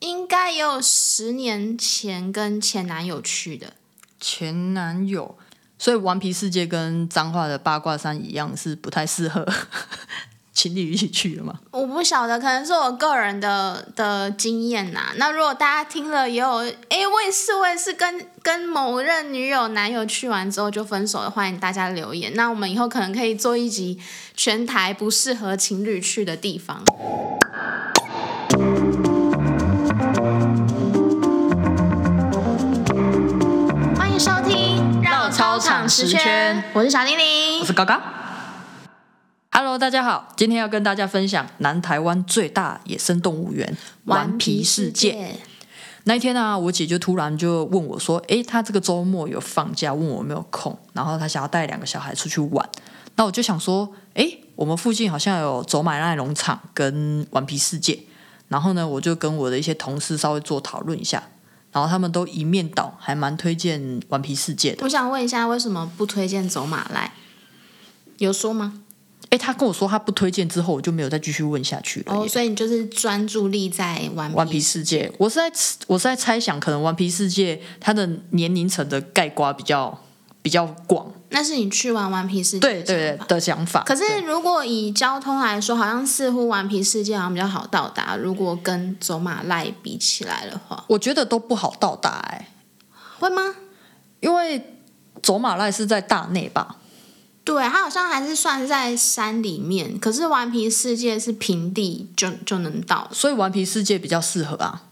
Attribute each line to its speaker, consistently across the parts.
Speaker 1: 應該也有十年前跟前男友去的，前男友，所以頑皮世界跟彰化的八卦山一樣，是不太適合情侶一起去的嗎？
Speaker 2: 我不曉得，可能是我個人的的經驗吶、啊。那如果大家聽了也有哎，我也是、欸、我也是跟跟某任女友男友去完之後就分手了，歡迎大家留言。那我們以後可能可以做一集全台不適合情侶去的地方。 操場，
Speaker 1: 場十圈，我
Speaker 2: 是小玲玲，我是高高。Hello，大
Speaker 1: 家好，今天要跟大家分享南台灣最大野生動物園——頑皮，皮世界。那一天啊，我姐就突然就問我說：“哎、欸，她這個週末有放假？問我有沒有空？然後她想要帶兩個小孩出去玩。”那我就想說：“哎、欸，我們附近好像有走馬瀨農場跟頑皮世界。”然後呢，我就跟我的一些同事稍微做討論一下。然後他們都一面倒，還蠻推薦《頑皮世界》的。我
Speaker 2: 想問一下，為什麼不推薦走馬瀨？有說嗎？
Speaker 1: 哎、欸，他跟我說他不推薦，之後我就沒有再繼續問下去了。哦，
Speaker 2: 所以你就是專注力在頑《頑
Speaker 1: 皮世界》。我是在，我是在猜想，可能《頑皮世界》它的年齡層的概括比較
Speaker 2: 比較廣。那是你去玩頑皮世界的想法，法。可是，如果以交通來說，好像似乎頑皮世界好像比較好到達。如果跟走馬瀨比起來的話，我覺得都不好到達，哎，會嗎？因為走馬瀨是在大內吧？對，它好像還是算在山裡面。可是，頑皮世界是平地就就能到，所以頑皮世界比較適合啊。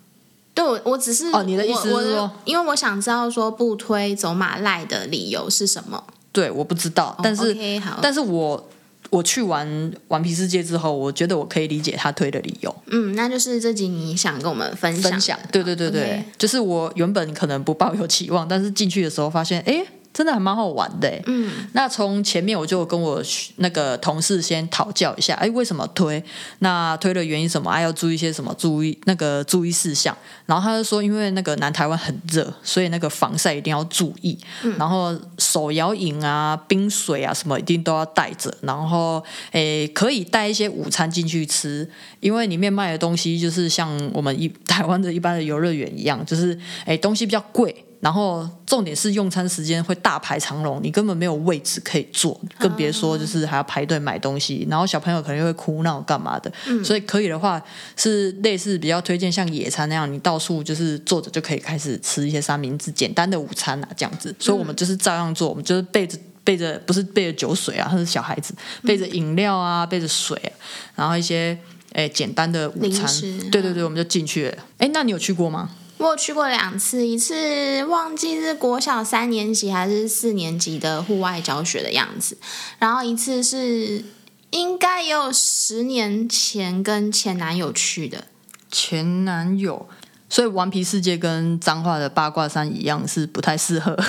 Speaker 2: 對，我我只是哦，你的意思是說，因為我想知道說不推走馬瀨的理由是什麼。
Speaker 1: 對，我不知道，oh, 但是 okay，但是我我去完頑皮世界之後，我覺得我可以理解他推的理由。
Speaker 2: 嗯，那就是這集你想跟我們分享、分享？
Speaker 1: 對對對對，okay. 就是我原本可能不抱有期望，但是進去的時候發現，哎、欸。真的還蠻好玩的，欸，嗯，那從前面我就跟我那個同事先討教一下，哎，為什麼推？那推的原因什麼？還、啊、要注意一些什麼，注意那個注意事項？然後他就說，因為那個南台灣很熱，所以那個防曬一定要注意，嗯、然後手搖飲啊、冰水啊什麼一定都要帶着，然後哎可以帶一些午餐進去吃，因為裡面賣的東西就是像我們一台灣的一般的遊樂園一樣，就是哎東西比較貴。然後重點是用餐時間會大排長龍，你根本沒有位置可以坐，更別說就是還要排隊買東西。然後小朋友可能又會哭鬧幹嘛的、嗯，所以可以的話是類似比較推薦像野餐那樣，你到處就是坐着就可以開始吃一些三明治、簡單的午餐啊這樣子。所以我們就是照樣做，我們就是備着備着，背着不是備着酒水啊，它是小孩子備着飲料啊，備着水啊，然後一些哎簡單的午餐、嗯，對對對，我們就進去了。哎，那
Speaker 2: 你有去過嗎？我去過兩次，一次忘記是國小三年級還是四年級的戶外教學的樣子，然後一次是應該也有十年前跟前男友去的，前男友，
Speaker 1: 所以頑皮世界跟彰化的八卦山一樣是不太適合。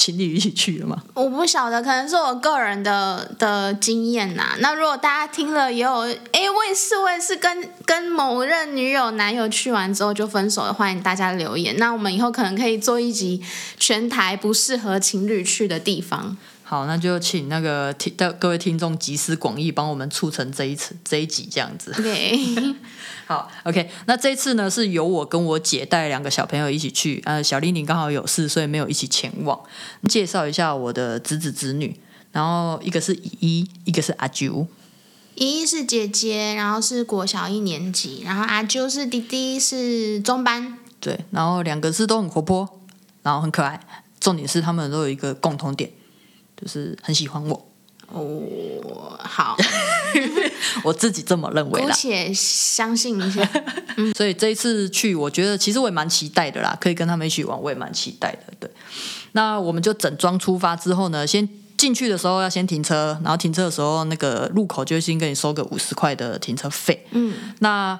Speaker 1: 情侶一起去了嗎？
Speaker 2: 我不曉得，可能是我個人的的經驗吶、啊。那如果大家聽了也有，哎、欸，我也是我也是跟跟某任女友男友去完之後就分手了，歡迎大家留言。那我們以後可能可以做一集全台不適合情侶去的地方。
Speaker 1: 好，那就請那個聽的各位聽眾集思廣益，幫我們促成這一次這一集這樣子。Okay. 好，OK，那這次呢是由我跟我姐帶兩個小朋友一起去。呃，小麗你剛好有事，所以沒有一起前往。介紹一下我的侄子侄女，然後一個是姨姨，一個是阿啾。
Speaker 2: 姨姨是姐姐，然後是國小一年級，然後阿啾是弟弟，是中班。
Speaker 1: 對，然後兩個是都很活潑，然後很可愛。重點是他們都有一個共同點，就是很喜歡我。哦，好。 我自己這麼認為的，且
Speaker 2: 相信一下。所以這一次
Speaker 1: 去，我覺得其實我也蠻期待的啦，可以跟他們一起玩，我也蠻期待的。對，那我們就整裝出發之後呢，先進去的時候要先停車，然後停車的時候那個入口就先跟你收個五十塊的停車費。嗯，那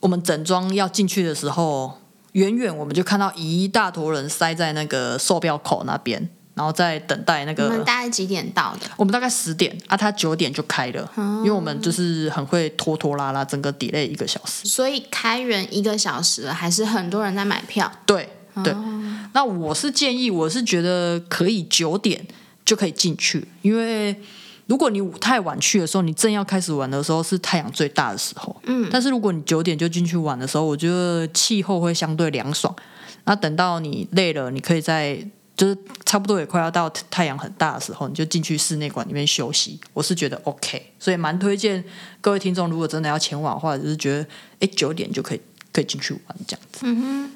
Speaker 1: 我們整裝要進去的時候，遠遠我們就看到一大坨人塞在那個售票口那邊。然後再等待那個，我們大
Speaker 2: 概幾點到
Speaker 1: 的？我們大概十點啊，他九點就開了，哦，因為我們就是很會拖拖拉拉，整個 delay 一個小時。
Speaker 2: 所以開園一個小時了，還是很多人在買票。對、哦、
Speaker 1: 對，那我是建議，我是覺得可以九點就可以進去，因為如果你太晚去的時候，你正要開始玩的時候是太陽最大的時候。嗯，但是如果你九點就進去玩的時候，我覺得氣候會相對涼爽。那等到你累了，你可以再。就是差不多也快要到太陽很大的時候，你就進去室內館裡面休息。我是覺得 OK，所以蠻推薦各位聽眾，如果真的要前往的話，就是覺得誒，九點就可以可以進去玩這樣子。嗯哼。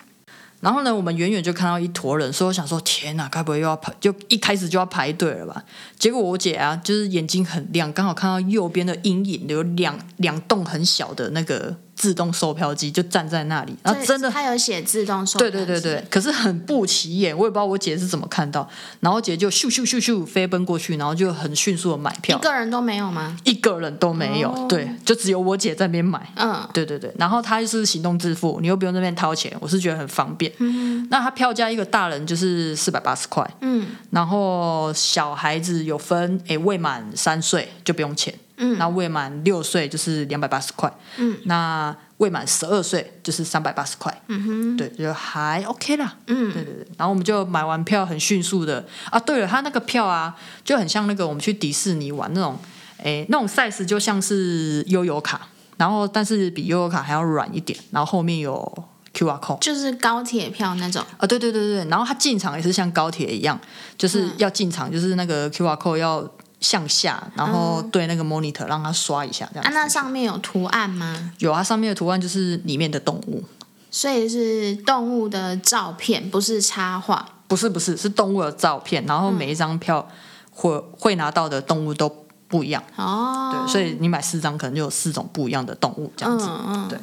Speaker 1: 然後呢，我們遠遠就看到一坨人，所以我想說天哪，該不會又要排，就一開始就要排隊了吧？結果我姐啊，就是眼睛很亮，剛好看到右邊的陰影有兩兩棟很小的那個。自動售票機就站在那裡，然後真的，他
Speaker 2: 有寫自動售票機。對對對對，可是很
Speaker 1: 不起眼，我也不知道我姐是怎麼看到，然後姐就咻咻咻咻飛奔過去，然後就很迅速的買票，一個
Speaker 2: 人都沒有嗎？
Speaker 1: 一個人都沒有，oh. 對，就只有我姐在那邊買。嗯、uh.，對對對，然後他又是行動支付，你又不用在那邊掏錢，我是覺得很方便。嗯、那他票價一個大人就是四百八十塊，嗯，然後小孩子有分，哎、欸，未滿三歲就不用錢。那、嗯、未滿六歲就是兩百八十塊，嗯，那未滿十二歲就是三百八十塊，嗯
Speaker 2: 哼，對，
Speaker 1: 就還 OK 啦，嗯，對對對，然後我們就買完票很迅速的啊。對了，他那個票啊，就很像那個我們去迪士尼玩那種，哎，那種 size 就像是悠遊卡，然後但是比悠游卡還要軟一點，然後後面有 QR Code，就是高鐵票那種啊，對對對對，然後他進場也是像高鐵一樣，就是要進場、嗯、就是那個 QR Code 要向下，然後對那個 monitor、嗯、讓它刷一下，這樣啊，
Speaker 2: 那上面有圖案嗎？
Speaker 1: 有啊，上面的圖案就是裡面的動物，
Speaker 2: 所以是動物的照片，不是插畫。
Speaker 1: 不是不是，是動物的照片，然後每一張票、嗯、會會拿到的動物都不一樣。哦，
Speaker 2: 對，所以
Speaker 1: 你買四張，可能就有四種不一樣的動物這樣子。嗯哦、對。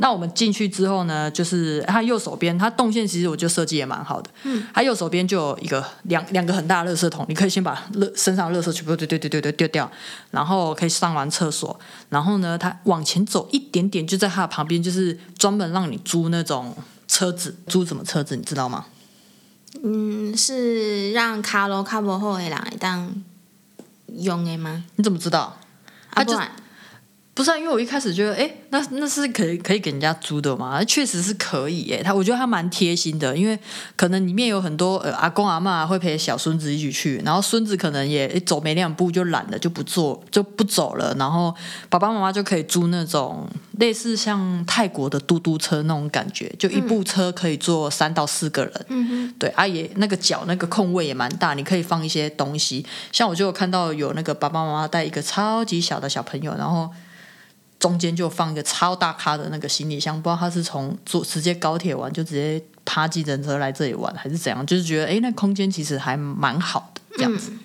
Speaker 1: 那我們進去之後呢，就是他右手邊，他動線其實我覺得設計也蠻好的。嗯、他右手邊就有一個兩兩個很大的垃圾桶，你可以先把垃身上垃圾全部對對對對對丟掉，然後可以上完廁所，然後呢，他往前走一點點，就在他的旁邊，就是專門讓你租那種車子，租什麼車子，你知道嗎？嗯，
Speaker 2: 是讓卡羅卡布後的人當用的嗎？
Speaker 1: 你怎麼知道？啊？對。不是、啊，因為我一開始覺得，哎、欸，那那是可以可以給人家租的嘛？那確實是可以、欸，哎，他我覺得他蠻貼心的，因為可能裡面有很多呃，阿公阿媽會陪小孫子一起去，然後孫子可能也、欸、走沒兩步就懶了，就不坐就不走了，然後爸爸媽媽就可以租那種類似像泰國的嘟嘟車那種感覺，就一部車可以坐三到四個人，嗯對，阿、啊、爺那個腳那個空位也蠻大，你可以放一些東西，像我就有看到有那個爸爸媽媽帶一個超級小的小朋友，然後。中間就放一個超大咖的那個行李箱，不知道他是從坐直接高鐵玩，就直接爬計程車來這裡玩，還是怎樣？就是覺得哎、欸，那空間其實還蠻好的這樣子。嗯、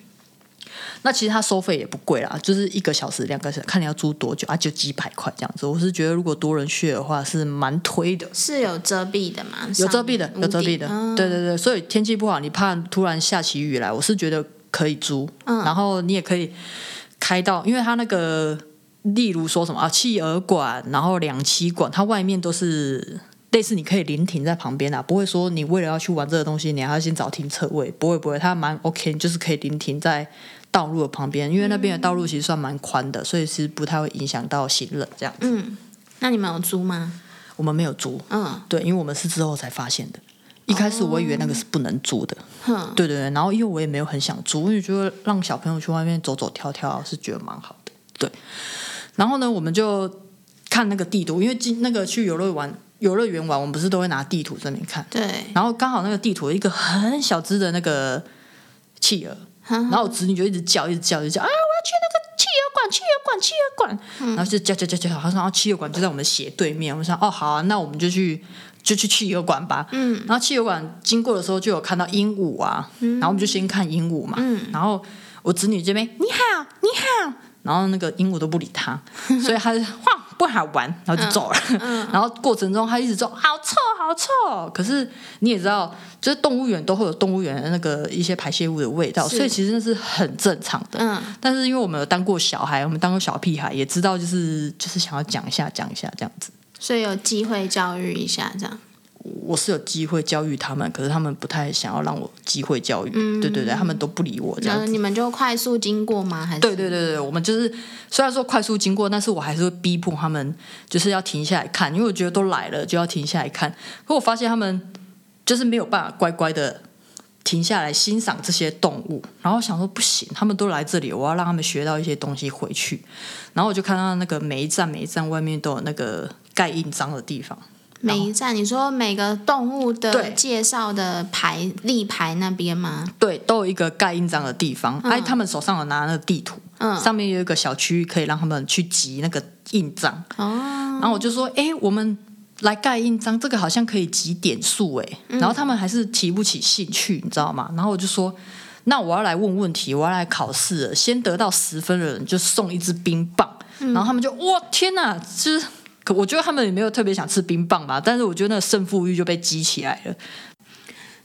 Speaker 1: 那其實它收費也不貴啦，就是一個小時、兩個小時，看你要租多久啊，就幾百塊這樣子。我是覺得如果多人去的話是蠻推的。
Speaker 2: 是有遮蔽的嗎？有遮蔽的，有遮蔽的。哦、對對
Speaker 1: 對，所以天氣不好，你怕突然下起雨來，我是覺得可以租。嗯、然後你也可以開到，因為它那個。例如說什麼啊，企鵝館，然後兩棲館，它外面都是類似你可以臨停在旁邊啊。不會說你為了要去玩這個東西，你還要先找停車位，不會不會，它蠻 OK，就是可以臨停在道路的旁邊，因為那邊的道路其實算蠻寬的，嗯、所以是不太會影響到行人這樣子。
Speaker 2: 嗯，那你們有租嗎？
Speaker 1: 我們沒有租，嗯、哦，對，因為我們是之後才發現的，一開始我以為那個是不能租的，哼、哦，對對對，然後因為我也沒有很想租，因為覺得讓小朋友去外面走走跳跳,跳是覺得蠻好的，對。然後呢，我們就看那個地圖，因為今那個去遊樂園玩，遊樂園玩，我們不是都會拿地圖在那邊看。對。然後剛好那個地圖有一個很小隻的那個企鵝呵呵，然後我侄女就一直叫，一直叫，一直叫啊、哎，
Speaker 2: 我要去那個企鵝館，企鵝館，企鵝館。嗯、然後就
Speaker 1: 叫叫叫叫，好像，然後企鵝館就在我們斜對面。我想，哦，好啊，那我們就去，就去企鵝館吧。嗯。然後企鵝館經過的時候就有看到鸚鵡啊，嗯、然後我們就先看鸚鵡嘛、嗯。然後我侄女這邊，你好，你好。然後那個鸚鵡都不理他， 所以他晃不好玩，然後就走了。嗯、 然後過程中他一直說好臭好臭，嗯，可是你也知道，就是動物園都會有動物園那個一些排泄物的味道，所以其實那是很正常的，嗯。但是因為我們有當過小孩，我們當過小屁孩，也知道就是就是想要講一下講一下這樣子，
Speaker 2: 所以有機會教育一下這樣。
Speaker 1: 我是有機會教育他們，可是他們不太想要讓我機會教育，嗯、對對對，他們都不理我這樣子。你
Speaker 2: 們就快速經過嗎？還是？對對對對，我們就是雖
Speaker 1: 然說快速經過，但是我還是會逼迫他們，就是要停下來看，因為我覺得都來了就要停下來看。可我發現他們就是沒有辦法乖乖的停下來欣賞這些動物，然後我想說不行，他們都來這裡，我要讓他們學到一些東西回去。然後我就看到那個每一站每一站外面都有那個蓋印章的地方。
Speaker 2: 每一站，你說每個動物的介紹的牌立牌那邊嗎？
Speaker 1: 對，都有一個蓋印章的地方。哎、嗯啊，他們手上有拿那個地圖，嗯、上面有一個小區可以讓他們去集那個印章。哦。
Speaker 2: 然後我就
Speaker 1: 說，哎、欸，我們來蓋印章，這個好像可以集點數哎、欸嗯。然後他們還是提不起興趣，你知道嗎？然後我就說，那我要來問問題，我要來考試，先得到十分的人就送一支冰棒、嗯。然後他們就，哇，天哪，就是。可我覺得他們也沒有特別想吃冰棒吧，但是我覺得那個勝負欲就被激起來了，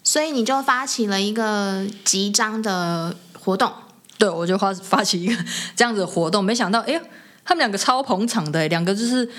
Speaker 2: 所以你就發起了一個集章的活動。對，我就發發起一個這樣子的活動，沒想到，哎，
Speaker 1: 他們兩個超捧場的，兩個就是。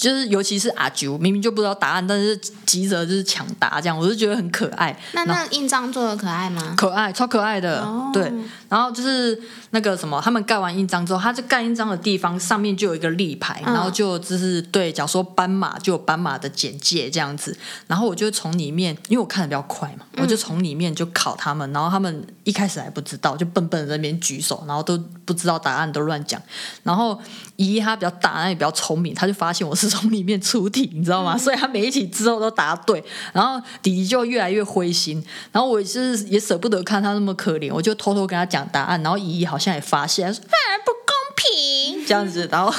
Speaker 1: 就是，尤其是阿啾，明明就不知道答案，但是急着就是搶答這樣，我就覺得很可愛。那那印
Speaker 2: 章做的可愛嗎？
Speaker 1: 可愛，超可愛的。Oh. 對，然後就是那個什麼，他們蓋完印章之後，他就蓋印章的地方上面就有一個立牌，Oh. 然後就就是對，假如說斑馬就有斑馬的簡介這樣子。然後我就從裡面，因為我看的比較快嘛、嗯，我就從裡面就考他們。然後他們一開始還不知道，就笨笨在那邊舉手，然後都不知道答案都亂講，然後。姨姨她比較大，她也比較聰明，她就發現我是從裡面出題，你知道嗎？嗯、所以她每一題之後都答對，然後弟弟就越來越灰心。然後我就是也捨不得看他那麼可憐，我就偷偷跟他講答案。然後姨姨好像也發現，她說
Speaker 2: 反而不公平、嗯、
Speaker 1: 這樣子。然後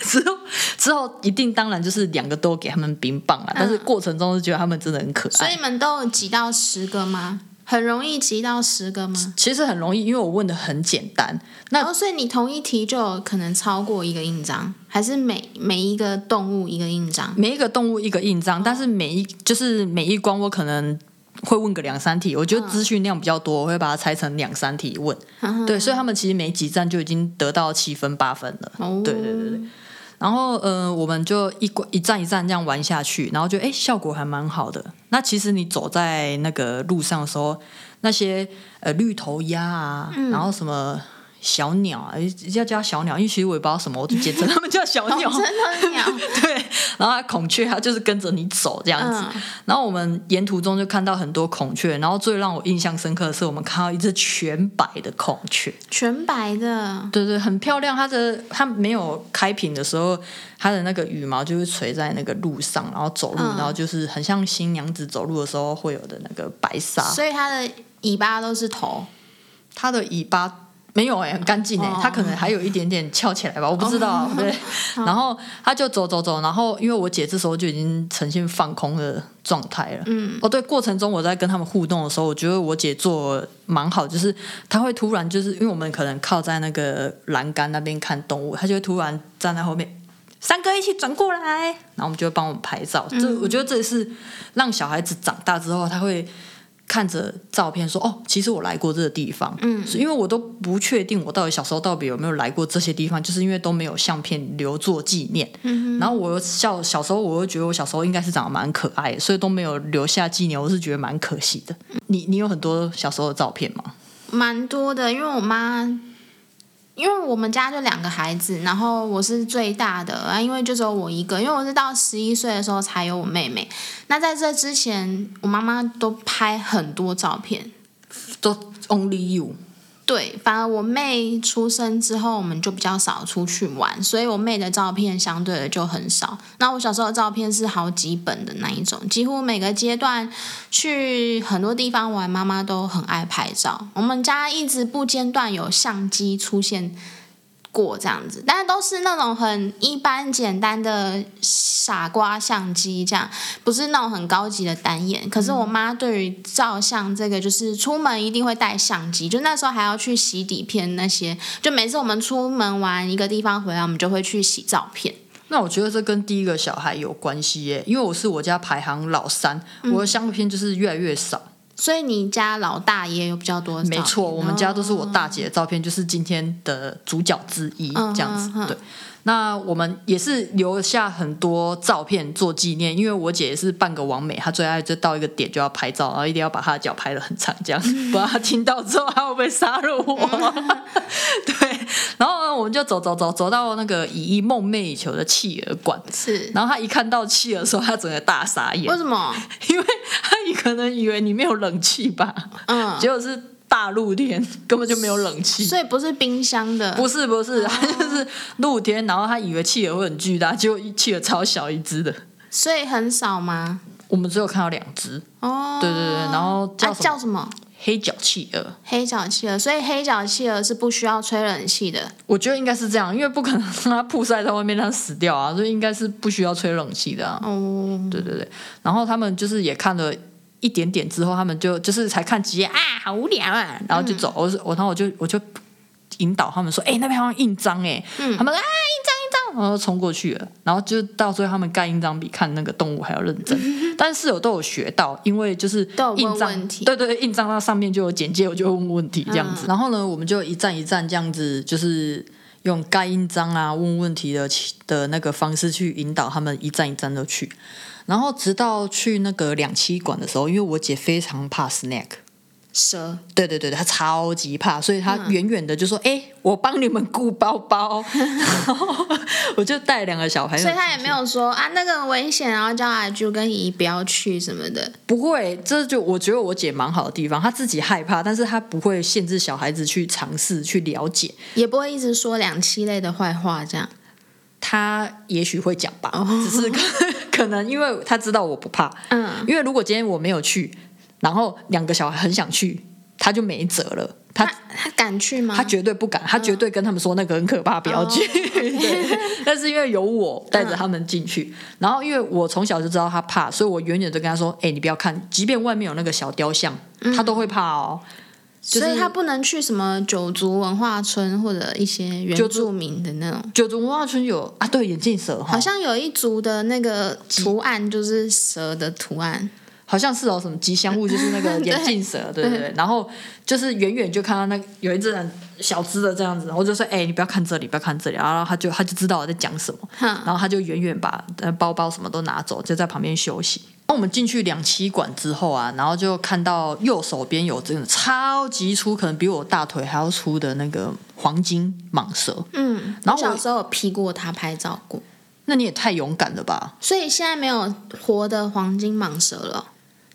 Speaker 1: 之後之後一定當然就是兩個都給他們冰棒了、嗯，但是過程中覺得他們真的很可愛。
Speaker 2: 所以你們都有擠到十個嗎？很容易集到十個嗎？其實很容易，因為我問的很簡單。那、哦、所以你同一題就可能超過一個印章，還是每每一個動物一個印章？每一個動物一個印章，哦、但
Speaker 1: 是每一就是每一關我可能會問個兩三題，我覺得資訊量比較多，嗯、我會把它拆成兩三題問。呵呵對，所以他們其實每幾站就已經得到七分八分了。哦，對對對對。然後，呃，我們就一一站一站這樣玩下去，然後就，哎，效果還蠻好的。那其實你走在那個路上的時候，那些呃綠頭鴨啊，嗯、然後什麼。小鳥啊，要叫小鳥，因為其實我也不知道什麼我就覺得它們叫小鳥。 哦、真的鳥。 對，然後它孔雀它就是跟着你走這樣子，嗯，然後我們沿途中就看到很多孔雀，然後最讓我印象深刻的是，我們看到一隻全白的孔雀，全白的。對對、對，很漂亮。它的它沒有開屏的時候，它的那個羽毛就是垂在那個路上，然後走路。嗯，然後就是很像新娘子走路的時候會有的那個白紗。所
Speaker 2: 以它的尾巴都是
Speaker 1: 頭。它的尾巴。沒有哎、欸，很乾淨哎、欸，oh. 他可能還有一點點翹起來吧，我不知道、oh. 對。然後他就走走走，然後因為我姐這時候就已經呈現放空的狀態了，嗯。哦對，過程中我在跟他們互動的時候，我覺得我姐做蠻好，就是她會突然，就是因為我們可能靠在那個欄杆那邊看動物，她就會突然站在後面，三哥一起轉過來，然後我們就會幫我們拍照。這、嗯、我覺得這是讓小孩子長大之後他會看着照片說：“哦，其實我來過這個地方，嗯，因為我都不確定我到底小時候到底有沒有來過這些地方，就是因為都沒有相片留作紀念。嗯哼，然後我又小，小時候我又覺得我小時候應該是長得蠻可愛的，所以都沒有留下紀念，我是覺得蠻可惜的。嗯。你你有很多小時候的照片嗎？
Speaker 2: 蠻多的，因為我媽。”因為我們家就兩個孩子，然後我是最大的啊，因為就只有我一個，因為我是到十一歲的時候才有我妹妹。那在這之前，我媽媽都拍很多照片，Mm-hmm. 都 only you。對，反而我妹出生之後，我們就比較少出去玩，所以我妹的照片相對的就很少。那我小時候的照片是好幾本的那一種，幾乎每個階段去很多地方玩，媽媽都很愛拍照。我們家一直不間斷有相機出現。過這樣子，但是都是那種很一般簡單的傻瓜相機，這樣不是那種很高級的單眼。可是我媽對於照相這個，就是出門一定會帶相機，就那時候還要去洗底片那些。就每次我們出門玩一個地方回來，我們就會去洗照片。那我覺得這跟第一個小孩有關係耶、欸，因為我是我家排
Speaker 1: 行老三，我的相片就是越來越少。所以你家老大也有比較多的照片？沒錯，我們家都是我大姐的照片，就是今天的主角之一，這樣子，對。那我們也是留下很多照片做紀念，因為我姐也是半個網美，她最愛就到一個點就要拍照，然後一定要把她的腳拍得很長，這樣不知道她聽到
Speaker 2: 之後她會不會殺了我。嗯、
Speaker 1: 對，然後我們就走走走走到那個姨姨夢寐以求的企鵝館，是，然後她一看到企鵝的時候，她整個大傻眼，為什麼？因為她可能以為你沒有冷氣吧，嗯，結果是。大
Speaker 2: 露天根本就沒有冷氣，所以不是冰箱的，不是不是，oh.
Speaker 1: 它就是露天。然後他以為企鵝會很巨大，結果企鵝超小一隻的，
Speaker 2: 所以很少嗎？我們只有看到兩隻哦，oh. 對對對。
Speaker 1: 然後叫什、啊、叫什麼？黑腳企鵝，
Speaker 2: 黑腳企鵝。所以黑腳企鵝是不需要吹冷氣的。
Speaker 1: 我覺得應該是這樣，因為不可能讓它曝曬在外面讓它死掉啊，所以應該是不需要吹冷氣的、啊。哦、oh.，對對對。然後他們就是也看了，一點點之後，他們就就是才看幾頁啊，好無聊啊，然後就走。我、嗯、說我，然後我就我就引導他們說，哎、欸，那邊好像印章哎、欸嗯，他們說啊，印章印章，然後衝過去了。然後就到最後，他們蓋印章比看那個動物還要認真。 但是我都有學到，因為就是印章問問對對，對印章那上面就有簡介，我就問問題這樣子、嗯。然後呢，我們就一站一站這樣子，就是用蓋印章啊、問問題的的那個方式去引導他們一站一站的去。然後直到去那個兩棲館的時候，因為我姐非常怕 snake 蛇，對對對對，她超級怕，所以她遠遠的就說：“哎、嗯欸，我幫你們顧包包。 ”我就帶兩個小孩，所以她
Speaker 2: 也沒有說啊，那個很危險，然後叫阿朱跟姨姨不要去什麼的。
Speaker 1: 不會，這就我覺得我姐蠻好的地方，她自己害怕，但是她不會限制小孩子去嘗試去了解，
Speaker 2: 也不會一直說兩棲類的壞話。這
Speaker 1: 樣，她也許會講吧、哦，只是。.可能因為他知道我不怕，嗯，因為如果今天我沒有去，然後兩個小孩很想去，他就沒轍了。他他，他敢去嗎？他絕對不敢、嗯，他絕對跟他們說那個很可怕，不要去。哦、 對，但是因為有我帶着他們進去、嗯，然後因為我從小就知道他怕，所以我遠遠的跟他說：“哎、欸，你不要看，即便外面有那個小雕像，他都會怕哦。嗯”所以他不
Speaker 2: 能去什麼九族文化村，或者一些原住
Speaker 1: 民的那種。九族文
Speaker 2: 化村有啊，對，眼鏡蛇，好像有一族的那個圖案就是蛇的圖案。好像是哦，什麼吉祥物就是那個眼鏡蛇 對，對對對。然後就是
Speaker 1: 遠遠就看到那個、有一只很小只的這樣子，我就說：“哎、欸，你不要看這裡，不要看這裡。”然後他就他就知道我在講什麼、嗯，然後他就遠遠把包包什麼都拿走，就在旁邊休息。那我們進去兩棲館之後啊，然後就看到右手邊有真、這、的、個、超級粗，可能比我大腿還要粗的那個黃金蟒蛇。嗯，
Speaker 2: 然後我小時候劈
Speaker 1: 過他拍照過。那你也太勇敢了吧！
Speaker 2: 所以現在沒有活的黃金蟒蛇了。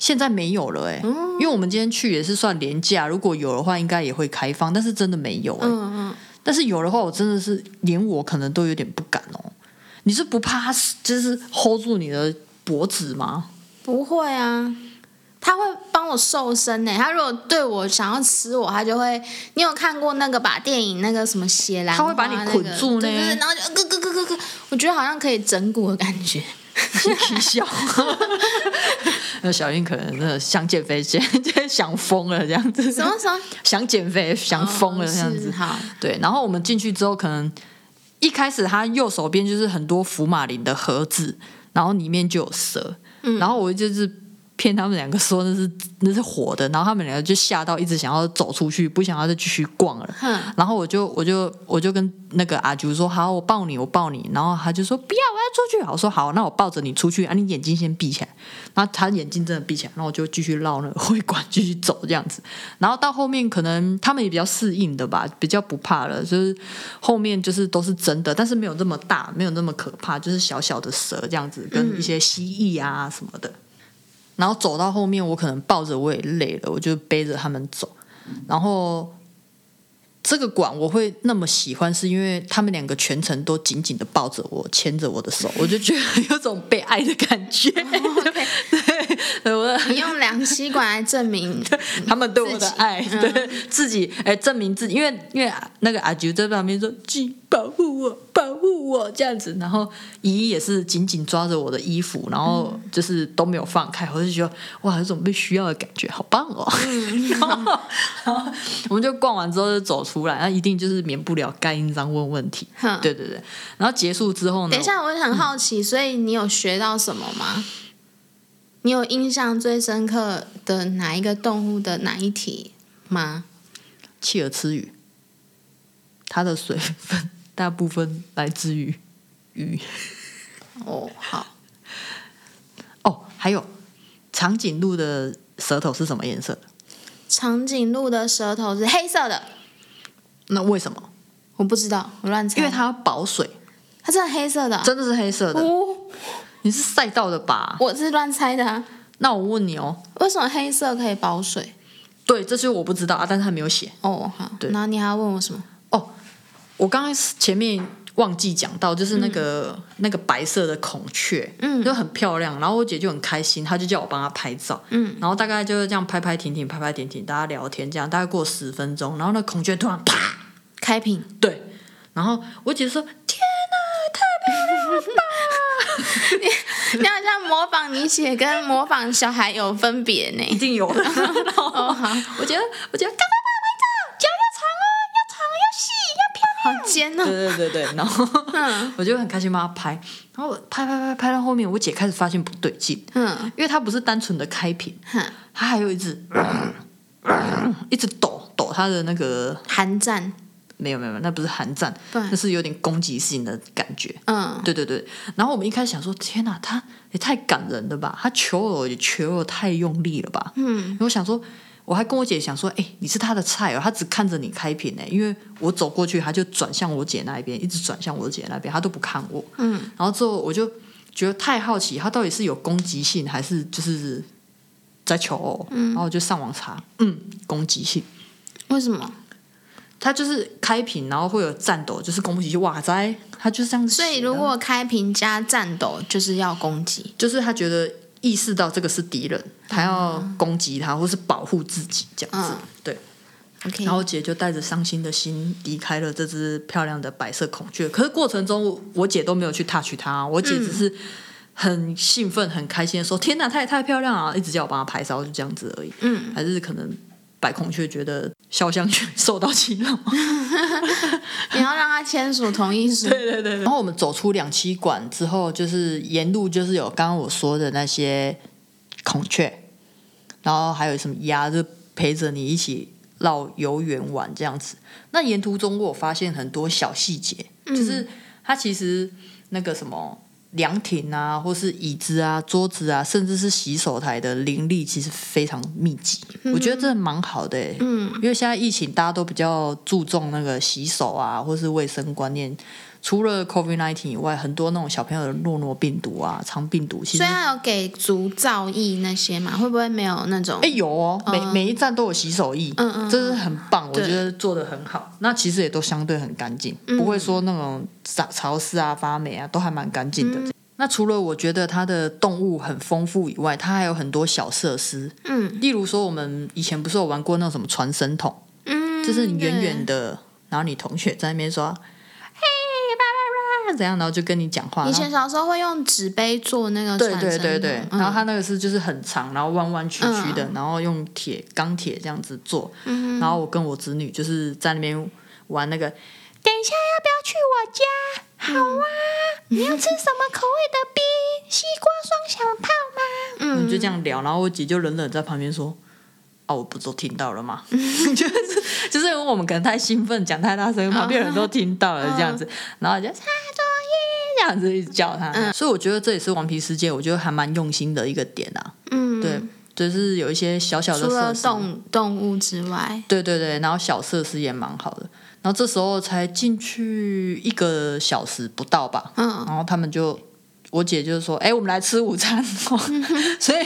Speaker 1: 現在沒有了哎、欸，嗯，因為我們今天去也是算廉價，如果有的話應該也會開放，但是真的沒有、欸、嗯嗯。但是有的話，我真的是連我可能都有點不敢哦、喔。你是不怕他就是 hold 住你的脖子嗎？
Speaker 2: 不會啊，他會幫我瘦身呢、欸。他如果對我想要吃我，他就會。你有看過那個把電影那個什麼血蘭、那個？他會把你捆住那個，然後就咯咯咯咯咯，我覺得好像可以整蠱的感覺。笑，起笑。
Speaker 1: 那小英可能真的想減肥，直接想瘋了這樣子。什麼，什麼？想減肥，想瘋了這樣子。哈、哦。對。然後我們進去之後，可能一開始他右手邊就是很多福馬林的盒子，然後裡面就有蛇。嗯、然後我就是。騙他們兩個說那是那是活的，然後他們兩個就嚇到，一直想要走出去，不想要再繼續逛了，嗯。然後我就我就我就跟那個阿菊說：“好，我抱你，我抱你。”然後他就說：“不要，我要出去。”我說：“好，那我抱着你出去啊，你眼睛先閉起來。”那他眼睛真的閉起來，然後我就繼續繞那個會館，繼續走這樣子。然後到後面可能他們也比較適應的吧，比較不怕了，就是後面就是都是真的，但是沒有那麼大，沒有那麼可怕，就是小小的蛇這樣子，跟一些蜥蜴啊什麼的。嗯然後走到後面，我可能抱着我也累了，我就背着他們走。然後這個館我會那麼喜歡，是因為他們兩個全程都緊緊的抱着我，牽着我的手，我就覺得有種
Speaker 2: 被愛的感覺。Oh, okay. 對，對，我你用兩吸管來證明 他們對我的愛，對
Speaker 1: 自己哎證明自己，因為因為那個阿菊在旁邊說：“保護我，保。”我這樣子，然後姨姨也是緊緊抓着我的衣服，然後就是都沒有放開，嗯、我就覺得哇，有種被需要的感覺，好棒哦、嗯 然！然後我們就逛完之後就走出來，那一定就是免不了蓋印章、問問題。對對對，然後結束之後呢？等一下，
Speaker 2: 我也很好奇、嗯，所以你有學到什麼嗎？你有印象最深刻的哪一個動物的哪一題
Speaker 1: 嗎？棄鵝吃魚，它的水分。大部分來自於魚。
Speaker 2: 哦，
Speaker 1: 好。 哦，還有長頸鹿的舌頭是什麼顏色？
Speaker 2: 長頸鹿的舌頭是黑色的。那為什麼？我不知道，我亂猜。因為它要保水。它真的黑色的，啊。真的是黑色的。Oh. 你是賽道的吧？我是亂猜的，啊。那我問你哦，為什麼黑色可以保水？對，這是我不知道啊，但是他沒有
Speaker 1: 寫。哦，oh，好。對。那你還要問我什麼？哦，oh。我剛剛前面忘記講到，就是那個、嗯、那個白色的孔雀，嗯，就很漂亮。然後我姐就很開心，她就叫我幫她拍照，嗯。然後大概就是這樣拍拍停停，拍拍停停，大家聊天這樣，大概過十分鐘，然後那孔雀突然啪開屏，對。然後我姐說：“天哪，
Speaker 2: 特別棒！你，你好像模仿你姐跟模仿小孩有分別呢，一定有。 然後”的、哦、我覺得我覺得剛剛。好尖呢、哦！
Speaker 1: 對對對對， 然後、嗯、我就很開心幫她拍，然後我拍拍拍拍，拍到後面，我姐開始發現不對勁，嗯，因為她不是單純的開屏，她、嗯、還有一隻、嗯嗯、一直抖抖她的那個寒戰，沒有沒有沒有，那不是寒戰，那是有點攻擊性的感覺，嗯，對對對，然後我們一開始想說，天吶，他也太感人了吧，他求偶，也求偶太用力了吧，嗯，我想說。我還跟我姐想說，哎、欸，你是她的菜哦，她只看着你開屏呢、欸，因為我走過去，她就轉向我姐那一邊，一直轉向我姐那邊，她都不看我。嗯，然後之後我就覺得太好奇，她到底是有攻擊性，還是就是在求偶、哦？嗯，然後我就上網查，嗯，攻擊性。為什麼？她就是開屏，然後會有戰鬥，就是攻擊，哇塞，她就是
Speaker 2: 這樣子。所以如果開屏加戰鬥，就是要攻擊，就是她覺得。意識到這個是敵人，他要攻擊他、嗯，或是保護自己這樣子，嗯、對、
Speaker 1: okay。然後我姐就帶着傷心的心離開了這隻漂亮的白色孔雀。可是過程中，我姐都沒有去 touch 它、啊，我姐只是很興奮、很開心說，說、嗯：“天哪，它也太漂亮啊！”一直叫我幫它拍照，就這樣子而已。嗯，還是可能。白孔雀覺得肖像權受到侵擾，
Speaker 2: 你要讓它簽署同意書。 對對
Speaker 1: 對，對。然後我們走出兩棲館之後，就是沿路就是有剛剛我說的那些孔雀，然後還有什麼鴨，就陪着你一起繞遊園玩這樣子。那沿途中我發現很多小細節，嗯、就是它其實那個什麼。涼亭啊，或是椅子啊，桌子啊，甚至是洗手台的林立其實非常密集。嗯、我覺得這蠻好的，欸嗯，因為現在疫情，大家都比較注重那個洗手啊，或是衛生觀念。除了 COVID 19以外，很多那種小朋友的諾羅病毒啊、腸病毒，其實雖然
Speaker 2: 有給足皂液。那些嘛，會不會沒有那種？哎，
Speaker 1: 有哦，每、嗯、每一站都有洗手液，嗯嗯，
Speaker 2: 這是很
Speaker 1: 棒，我覺得做得很好。那其實也都相對很乾淨，嗯、不會說那種潮，潮濕啊、發霉啊，都還蠻乾淨的、嗯。那除了我覺得它的動物很豐富以外，它還有很多小設施，嗯，例如說我們以前不是有玩過那種什麼傳聲筒，
Speaker 2: 嗯、
Speaker 1: 這就是你遠遠的，然後你同學在那邊說、啊。怎樣？然後就跟你講話。以前
Speaker 2: 小時候會用紙杯做那個，對對對，
Speaker 1: 對、嗯、然後他那個是就是很長，然後彎彎曲曲的，嗯啊、然後用鐵、鋼鐵這樣子做、嗯。然後我跟我姪女就是在那邊玩那個。嗯、等一下要不要去我家？好
Speaker 2: 啊、嗯！你要吃什麼口味的冰？西瓜雙響炮嗎？嗯，就這樣
Speaker 1: 聊。然後我姐就冷冷在旁邊說。哦、我不都聽到了嗎？ 就是就是因為我們可能太興奮，講太大聲，旁邊人都聽到了這樣子。哦哦、然後就差作
Speaker 2: 業這樣子一直
Speaker 1: 叫他、嗯，所以我覺得這也是《頑皮世界》，我覺得還蠻用心的一個點啊。嗯，對，就是有一些小小的設施，除了
Speaker 2: 動動物之外，
Speaker 1: 對對對，然後小設施也蠻好的。然後這時候才進去一個小時不到吧，嗯，然後他們就我姐就說，哎、欸，我們來吃午餐， 所以。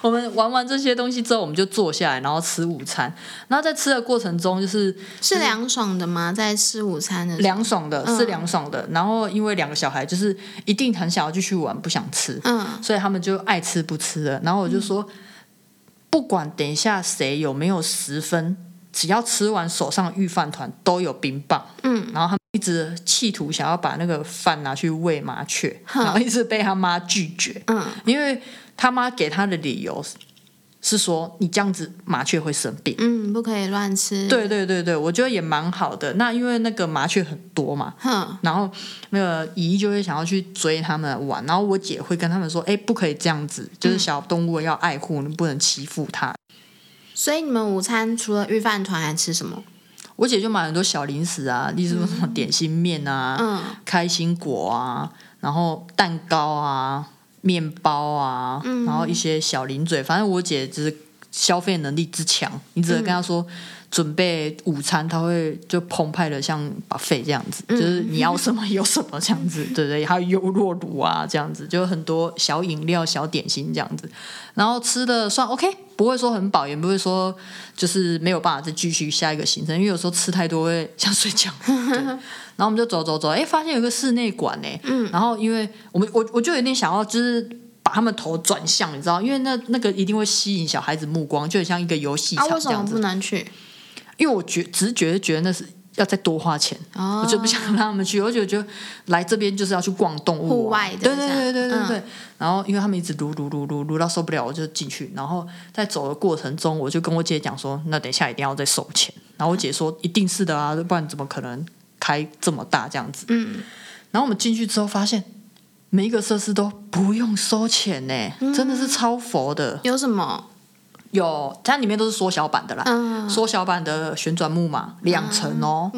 Speaker 1: 我們玩完這些東西之後，我們就坐下來，然後吃午餐。然後在吃的過程中，就是是涼爽的嗎？在吃午餐的時候涼爽的，是涼爽的、嗯。然後因為兩個小孩就是一定很想要繼續玩，不想吃，嗯，所以他們就愛吃不吃了。然後我就說，嗯、不管等一下誰有沒有十分，只要吃完手上御飯糰都有冰棒，嗯。然後他們一直企圖想要把那個飯拿去餵麻雀，嗯、然後一直被他媽拒絕，嗯，因為。他媽給他的理由是說：“你這樣子麻雀會生
Speaker 2: 病，嗯，不可以亂吃。”對對
Speaker 1: 對對，我覺得也蠻好的。那因為那個麻雀很多嘛，哼，然後那個姨就會想要去追他們玩，然後我姐會跟他們說：“哎，不可以這樣子，就是小動物要愛護，嗯、你不能欺負它。”所以你們午餐除了御飯糰還吃什麼？我姐就買很多小零食啊，例如什麼點心麵啊，嗯，開心果啊，然後蛋糕啊。麵包啊，嗯，然後一些小零嘴，反正我姐就是消費能力之強，你只能跟她說。嗯準備午餐，他會就澎湃的像 buffet 這樣子，嗯，就是你要什麼 有什麼這樣子，對不對，對？還有優酪乳啊這樣子，就很多小飲料、小點心這樣子。然後吃的算 OK，不會說很飽，也不會說就是沒有辦法再繼續下一個行程，因為有時候吃太多會想睡覺。然後我們就走走走，哎、欸，發現有個室內館哎，然後因為我們我我就有點想要就是把他們頭轉向，你知道，因為那那個一定會吸引小孩子目光，就很像一個遊戲場這樣子。啊、為什麼不難去。因為我只覺直覺覺得那是要再多花錢，Oh. 我就不想讓他們去。我就覺得來這邊就是要去逛動物啊，戶外的對對對對對對、嗯。然後因為他們一直擼擼擼擼擼到受不了，我就進去。然後在走的過程中，我就跟我姐講說：“那等一下一定要再收錢。”然後我姐說：“一定是的啊，不然怎麼可能開這麼大這樣子？”嗯。然後我們進去之後發現，每一個設施都不用收錢呢，真的是超佛的。有什麼？有，它裡面都是縮小版的啦，縮、嗯、小版的旋轉木馬，兩層哦，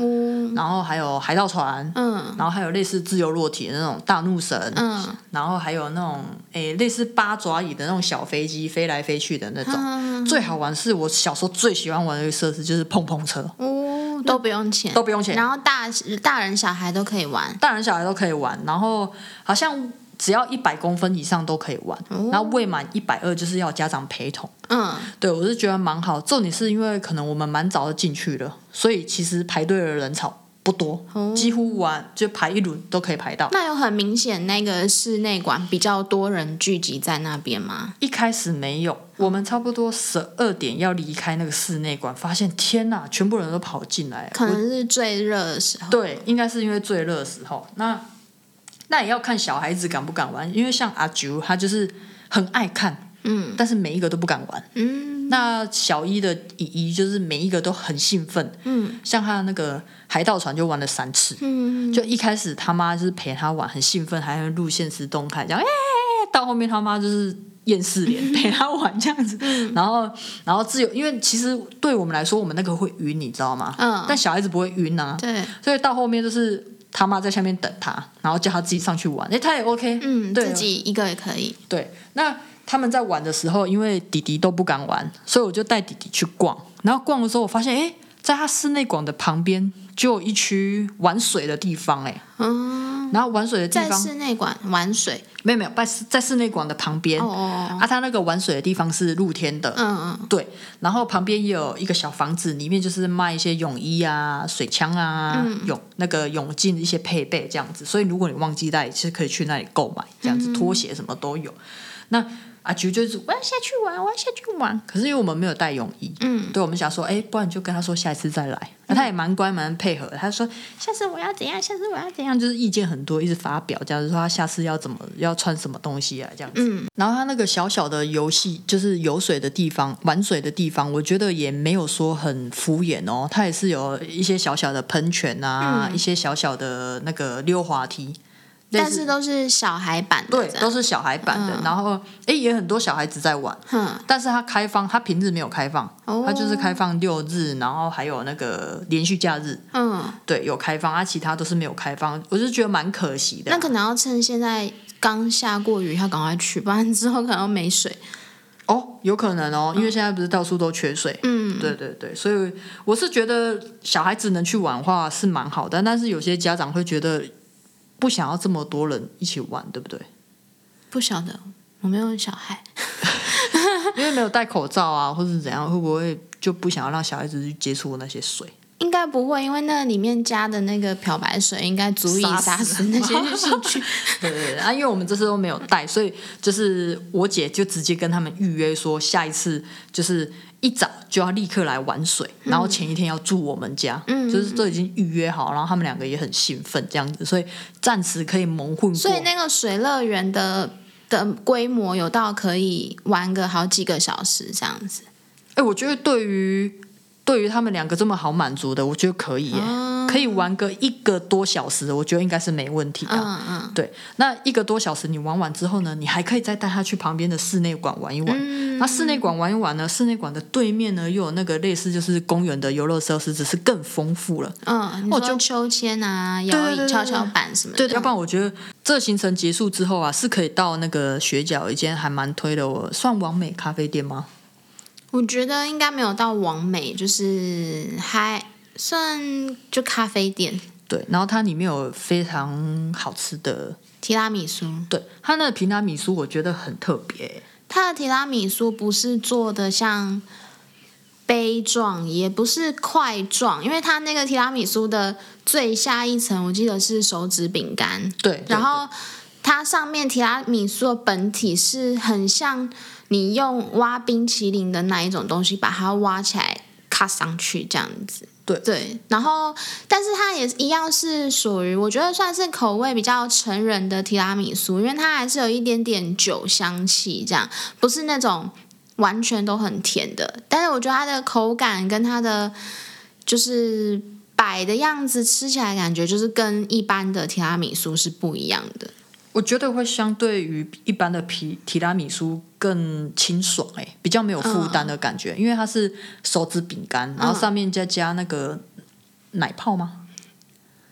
Speaker 1: 然後還有海盜船、嗯，然後還有類似自由落體的那種大怒神，嗯、然後還有那種誒、欸、類似八爪魚的那種小飛機飛來飛去的那種。嗯、最好玩是我小時候最喜歡玩的一個設施，就是碰碰車、嗯，
Speaker 2: 都不用錢，都不用錢，然後大大人小孩都可以玩，大人小孩都可
Speaker 1: 以玩，然後好像。只要一百公分以上都可以玩，哦、然後未滿一百二就是要家長陪同。嗯，對我是覺得蠻好。重點是因為可能我們蠻早就進去了，所以其實排隊的人潮不多，哦、幾乎玩就排一輪都可以排到。那
Speaker 2: 有很明顯那個室內館比較多人聚集在那邊嗎？一開
Speaker 1: 始沒有，我們差不多十二點要離開那個室內館，發現天哪，全部人都跑進來。可能是最熱的時候。對，應該是因為最熱的時候。那那也要看小孩子敢不敢玩，因為像阿九他就是很愛看，嗯，但是每一個都不敢玩，嗯。那小一的姨姨就是每一個都很興奮，嗯，像他那個海盜船就玩了三次，嗯，就一開始他媽就是陪他玩很興奮，還要錄限時動態這樣。哎，到後面他媽就是厭世臉陪他玩這樣子，嗯、然後然後自由，因為其實對我們來說，我們那個會暈，你知道嗎？嗯。但小孩子不會暈啊，對，所以到後面就是。他媽在下面等他，然後叫他自己上去玩。哎，他也 OK，嗯，對，自己一個也可以。對，那他們在玩的時候，因為弟弟都不敢玩，所以我就帶弟弟去逛。然後逛的時候，我發現，哎。在他室內館的旁邊就有一區玩水的地方哎、欸嗯，然後玩水的地方在室內館玩水，沒有沒有在在室內館的旁邊哦，哦，啊，他那個玩水的地方是露天的，嗯嗯，對，然後旁邊有一個小房子，裡面就是賣一些泳衣啊、水槍啊、泳、嗯、那個泳鏡的一些配備這樣子，所以如果你忘記帶，其實可以去那裡購買，這樣子拖鞋什麼都有，嗯、那。啊，其實就是我要下去玩，我要下去玩。可是因為我們沒有帶泳衣，嗯，對，我們想說，哎、欸，不然你就跟他說下一次再來。那、嗯、他也蠻乖蠻配合，他說下次我要怎樣，下次我要怎樣，就是意見很多一直發表，假如說他下次要怎麼要穿什麼東西啊這樣子、嗯。然後他那個小小的遊戲，就是有水的地方、玩水的地方，我覺得也沒有說很敷衍哦，他也是有一些小小的噴泉啊、嗯，一些小小的那個溜滑梯。但是都是小孩版的，對，都是小孩版的。嗯、然後，哎、欸，也很多小孩子在玩。嗯。但是他開放，他平日沒有開放，哦、他就是開放六日，然後還有那
Speaker 2: 個連續假日。嗯。對，有開放，它、啊、其他都是沒有開放。我就覺得蠻可惜的。那可能要趁現在剛下過雨，要趕快去，不然之後可能沒水。哦，有可能哦、嗯，因為現在不是到處都缺水。嗯。對對對，所以我是覺
Speaker 1: 得小孩子能去玩的話是蠻好的，但是有些家長會覺得。不想要這麼多人一起玩，對不對？
Speaker 2: 不曉得，我沒有小孩，
Speaker 1: 因為沒有戴口罩啊，或者怎樣，會不會就不想要讓小孩子去接觸那些水？
Speaker 2: 應該不會，因為那裡面加的那個漂白水應該足以殺死那些細菌。對對
Speaker 1: 對啊，因為我們這次都沒有帶，所以就是我姐就直接跟他們預約說，下一次就是。一早就要立刻來玩水，然後前一天要住我們家，嗯，就是都已經預約好，然後他們兩個也很興奮這樣子，所以暫時可以蒙混過。所以
Speaker 2: 那個水樂園的的規模有到可以玩個好幾個小時這樣子。哎、欸，我覺得對於。對於他們兩個這麼好
Speaker 1: 滿足的，我覺得可以耶、嗯，可以玩個一個多小時，我覺得應該是沒問題的。嗯嗯，對，那一個多小時你玩完之後呢，你還可以再帶他去旁邊的室內館玩一玩。嗯、那室內館玩一玩呢，室內館的對面呢又有那個類似就是公園的遊樂設施，
Speaker 2: 只是更豐富了。嗯，哦，就秋千啊、對對對對搖椅、蹺蹺板什麼的對對。要不然我
Speaker 1: 覺得這行程結束之後啊，是可以到那個學甲，一間還蠻推的，我算完美咖啡店嗎？
Speaker 2: 我覺得應該沒有到網美，就是還算就咖啡店
Speaker 1: 對，然後它裡面有非常好吃的提拉米蘇，對，它那個提拉米蘇我覺得很特別，
Speaker 2: 它的提拉米蘇不是做的像杯狀，也不是塊狀，因為它那個提拉米蘇的最下一層我記得是手指餅乾，對，然後它上面提拉米蘇的本體是很像。你用挖冰淇淋的那一種東西把它挖起來，卡上去這樣子。對對，然後但是它也是一樣是屬於，我覺得算是口味比較成人的提拉米蘇，因為它還是有一點點酒香氣，這樣不是那種完全都很甜的。但是我覺得它的口感跟它的就是擺的樣子，吃起來感覺就是跟一般的提拉米蘇是不一樣的。我覺得會相對於一般的提提拉米蘇更
Speaker 1: 清爽哎、欸，比較沒有負擔的感覺、嗯，因為它是手指餅乾，然後上面再加那個奶泡嗎？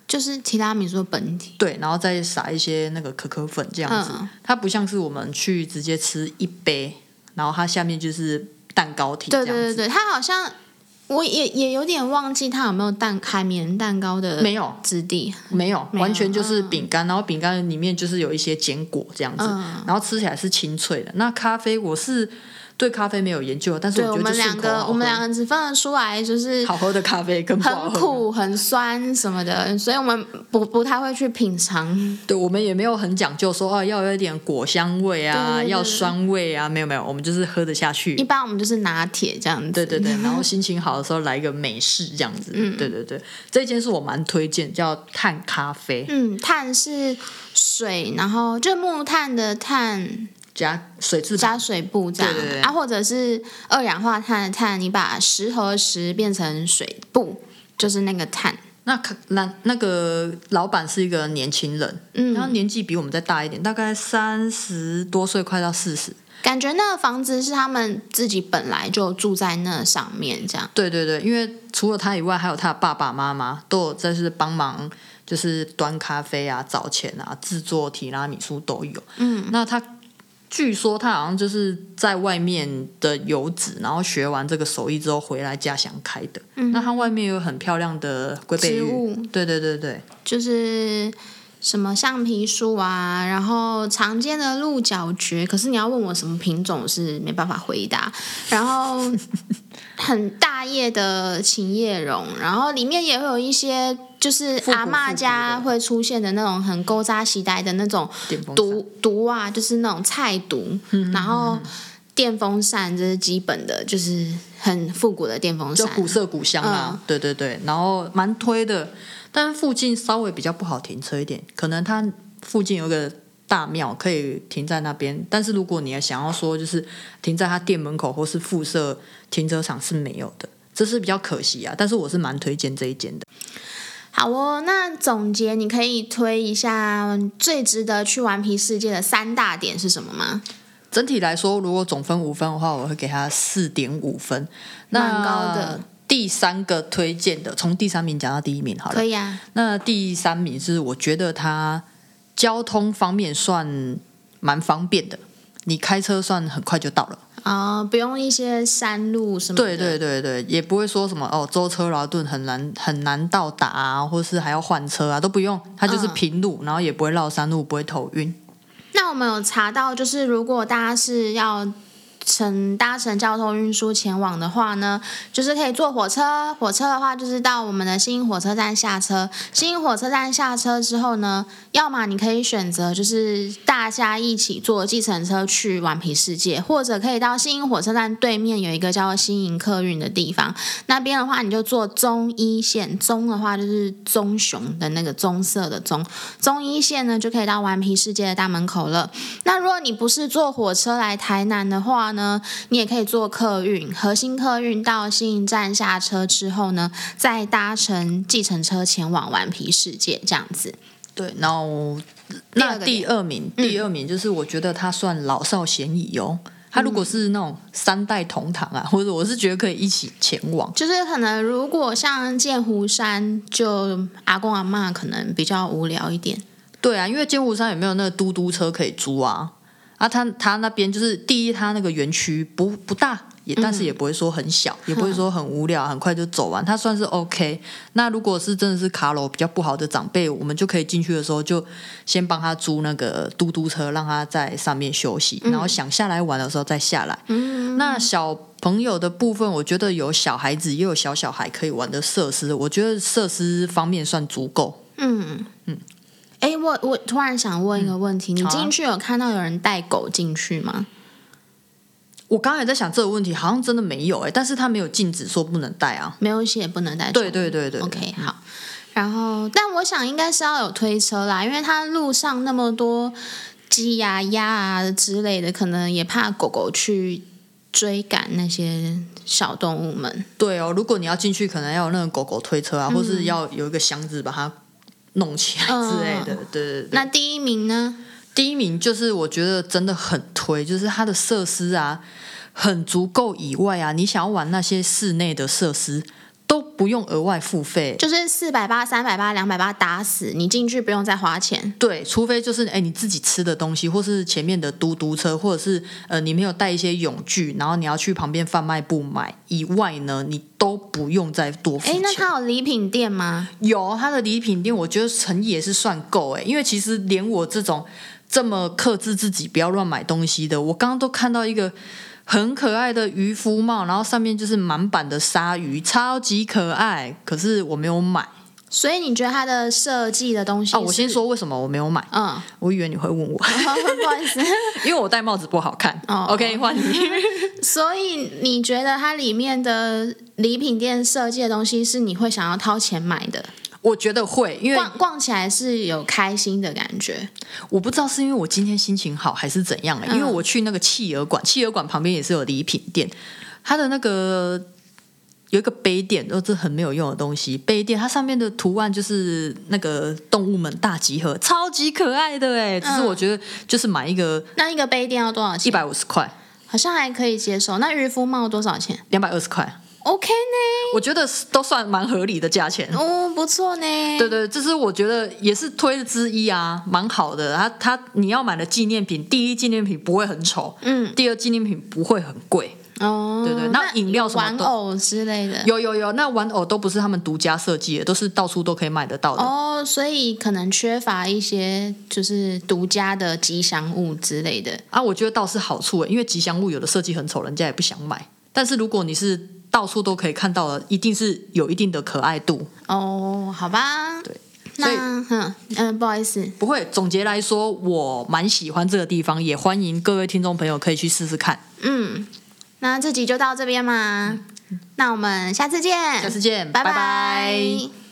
Speaker 1: 就是提拉米蘇的本體。對，然後再撒一些那個可可粉這樣子、嗯。它不像是我們去直接吃一杯，然後它下面就是蛋糕體這樣子。對對對，
Speaker 2: 它好像。我也也有點忘記它有沒有蛋海綿蛋糕的質地，沒有，
Speaker 1: 沒有，完全就是餅乾，嗯，然後餅乾裡面就是有一些堅果這樣子，嗯，然後吃起來是清脆的。那咖啡我是。
Speaker 2: 對咖啡沒有研究，但是我，我們兩個，我們兩個只分得出來就是好喝的咖啡，很苦，很酸什麼的，所以我們不不太會去品嘗。對，
Speaker 1: 我們也沒有很講究說，說、啊、哦要有一點果香味啊對對對，要酸味啊，沒有沒有，我們就是喝得下去。一般我們就是拿鐵這樣子，對對對，然後心情好的時候來一個美式這樣子，嗯、對對對，這間是我蠻推薦，叫碳咖啡。嗯，
Speaker 2: 碳是水，然後就木炭的炭。加水製加水布這樣，對對對啊，或者是二氧化碳的碳，你把十和十變成水布，就是那個碳，那可那那個老闆是一個年輕人，嗯，他年
Speaker 1: 紀比我們再大一點，大概三十
Speaker 2: 多歲，快到四十。感覺那個房子是他們自己本來就住在那上面，這樣。對對對，因為除了他以外，
Speaker 1: 還有他的爸爸媽媽都有在是幫忙，就是端咖啡啊、找錢啊、製作提拉米蘇都有。嗯，那他。據說他好像就是在外面的遊子，然後學完這個手藝之後回來家鄉開的，嗯。那它外面有
Speaker 2: 很漂亮的龜背植物，對對對對，就是什麼橡皮樹啊，然後常見的鹿角蕨。可是你要問我什麼品種是沒辦法回答。然後很大葉的葉的琴葉榕，然後裡面也會有一些。就是阿媽家會出現的那種很古早時代的那種毒，毒毒啊，就是那種菜毒。嗯、然後電風扇這是基本的，就是很複古的電風扇，就古色古香啊、嗯。對對對，然後
Speaker 1: 蠻推的，但附近稍微比較不好停車一點，可能它附近有個大廟可以停在那邊。但是如果你要想要說就是停在他店門口或是附設停車場是沒有的，這是比較可惜啊。但是我是蠻推薦這一間的。
Speaker 2: 好哦，那總結，你可以推一下最值得去頑皮世界的三大點是什麼嗎？整體來說，如果總分五
Speaker 1: 分的話，我會給他四點五分。那，那很高的。第三個推薦的，從第三名講到第一名，好了，可以啊。那第三名是我覺得它交通方面算蠻方便的，你開車算很快就到了。
Speaker 2: 啊、嗯，不用一些山路什麼的，對對
Speaker 1: 對對，也不會說什麼哦，舟車勞頓很難很難到達、啊，或是還要換車啊，都不用，它就是平路、嗯，然後也不會繞山路，不會頭暈。
Speaker 2: 那我們有查到，就是如果大家是要，乘搭乘交通運輸前往的話呢，就是可以坐火車。火車的話就是到我們的新營火車站下車。新營火車站下車之後呢，要麼你可以選擇就是大家一起坐計程車去頑皮世界，或者可以到新營火車站對面有一個叫做新營客運的地方，那邊的話你就坐棕一線，棕的話就是棕熊的那個棕色的棕，棕一線呢就可以到頑皮世界的大門口了。那如果你不是坐火車來台南的話呢，呢，你也可以坐客運，核心客運到新營站下車之後呢，再搭乘計程車前往頑皮世界這樣子。對，然後
Speaker 1: 那第二名，第二名就是我覺得他算老少咸宜哦、嗯。他如果是那種三代同堂啊，或者我是覺得可以一起前往。
Speaker 2: 就是可能如果像劍湖山，就阿公阿媽可能比較無聊一點。對啊，因為
Speaker 1: 劍湖山也沒有那個嘟嘟車可以租啊。啊他，他他那邊就是第一，他那個園區不不大，也但是也不會說很小，嗯、也不會說很無聊，很快就走完，他算是 OK。那如果是真的是卡樓比較不好的長輩，我們就可以進去的時候就先幫他租那個嘟嘟車，讓他在上面休息，然後想下來玩的時候再下來。嗯、那小朋友的部分，我覺得有小孩子也有小小孩可以玩的設施，我覺得設施方面算足夠。嗯
Speaker 2: 嗯。哎、欸，我我突然想問一個問題，嗯，你進去有看到有人帶狗進去嗎？我剛剛也在想這個問題，好像真的沒有哎、欸，但是他沒有禁止說不能帶啊，沒有寫不能帶。對對對對。OK，好、嗯。然後，但我想應該是要有推車啦，因為他路上那麼多雞啊、鴨啊之類的，可能也怕狗狗去追趕那些小動物們。對哦，如果你要進去，可能要有那個狗狗
Speaker 1: 推車啊，嗯，或是要有一個箱子把它。弄起來之類的，uh, 對，對，對。那第一名呢？第一名就是我覺得真的很推，就是它的設施啊，很足夠以外啊，你想要玩那些室內的設施。都不用額外付費，就是四百八、三百八、兩百八打死你進去不用再花錢。對，除非就是哎、欸、你自己吃的東西，或是前面的嘟嘟車，或者是呃你沒有帶一些泳具，然後你要去旁邊販賣部買以外呢，你都不用再多付。誒、欸，那他
Speaker 2: 有禮品店嗎？
Speaker 1: 有他的禮品店，我覺得誠意也是算夠哎、欸，因為其實連我這種這麼克制自己不要亂買東西的，我剛剛都看到一個。很可愛的漁夫帽，然後上面就是滿版的鯊魚，超級可愛。可是我沒有買，所以你覺得它的設計的東西？哦，我先說為什麼我沒有買。嗯，我以為你會問我，不好意思，因為我戴帽子不好看。 哦，OK，換你。
Speaker 2: 所以你覺得它裡面的禮品店設計的東西是你會想要掏錢買的？我覺得會，因為逛逛起來是有開心的感覺。
Speaker 1: 我不知道是因為我今天心情好還是怎樣了、嗯，因為我去那個企鵝館，企鵝館旁邊也是有禮品店，它的那個有一個杯墊，都是很沒有用的東西。杯墊它上面的圖案就是那個動物們大集合，超級可愛的哎、嗯！只是我覺得就是買一個，那一個杯墊要多少錢？一百五十塊，好像還可以接受。那漁夫帽多少錢？兩百二十塊。OK 呢，我覺得都算蠻合理的價錢
Speaker 2: 哦，不錯呢。對對，
Speaker 1: 這、就是我覺得也是推之一啊，蠻好的。他他你要買的紀念品，第一紀念品不會很醜，嗯，第二紀念品不會很貴哦。
Speaker 2: 對對，那飲料什麼玩偶之類的，有
Speaker 1: 有有，那玩偶都不是他們獨家設計的，都是到處都可以買得到的哦。
Speaker 2: 所以可能缺乏一些就是獨家的吉祥物之類的啊。我覺得倒是好處，因為吉祥物有的設計很
Speaker 1: 醜，人家也不想買。但是如果你是到處都可以看到的，一定是有一定的可愛
Speaker 2: 度哦。好吧，對，那所以，嗯，嗯、呃，不好意思，不會。總結來
Speaker 1: 說，我蠻喜歡這個地方，也歡迎各位聽眾朋友可以去試試看。
Speaker 2: 嗯，那這集就到這邊嘛。嗯、那我們下次見，下次見，拜拜。拜拜